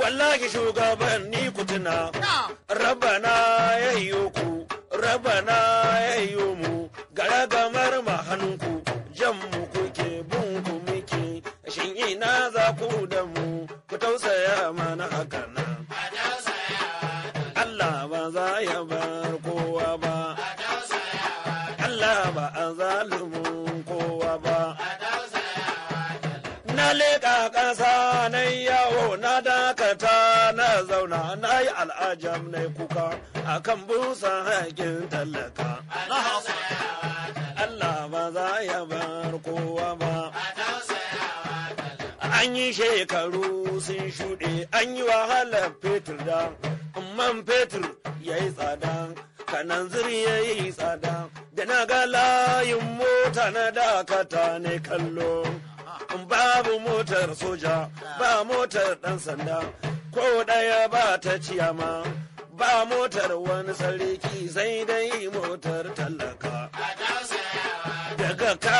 wallahi shugabanni ku tuna rabana ya ku rabana ya yiwu mu garagamar mahanku jan mu kuke bin ku muke shin ina za ku da mu ku tausaya mana haka nan Allah ba za ya bar kowa ba Allah ba a zalumin kowa na leƙa ƙasa na yawo na dakata na zauna na yi al'ajam na kuka a kan busa haƙin tallaka. Allah ba za ya bar kowa ba. An yi shekaru sun shuɗe an yi wahalar fetur da man fetur ya yi tsada kanan ziri ya yi tsada da na ga layin mota na dakata ne kallo. Ba babu motar soja ba motar ɗan sanda ko ɗaya ba ta ciyama ba motar wani sarki sai dai motar talaka daga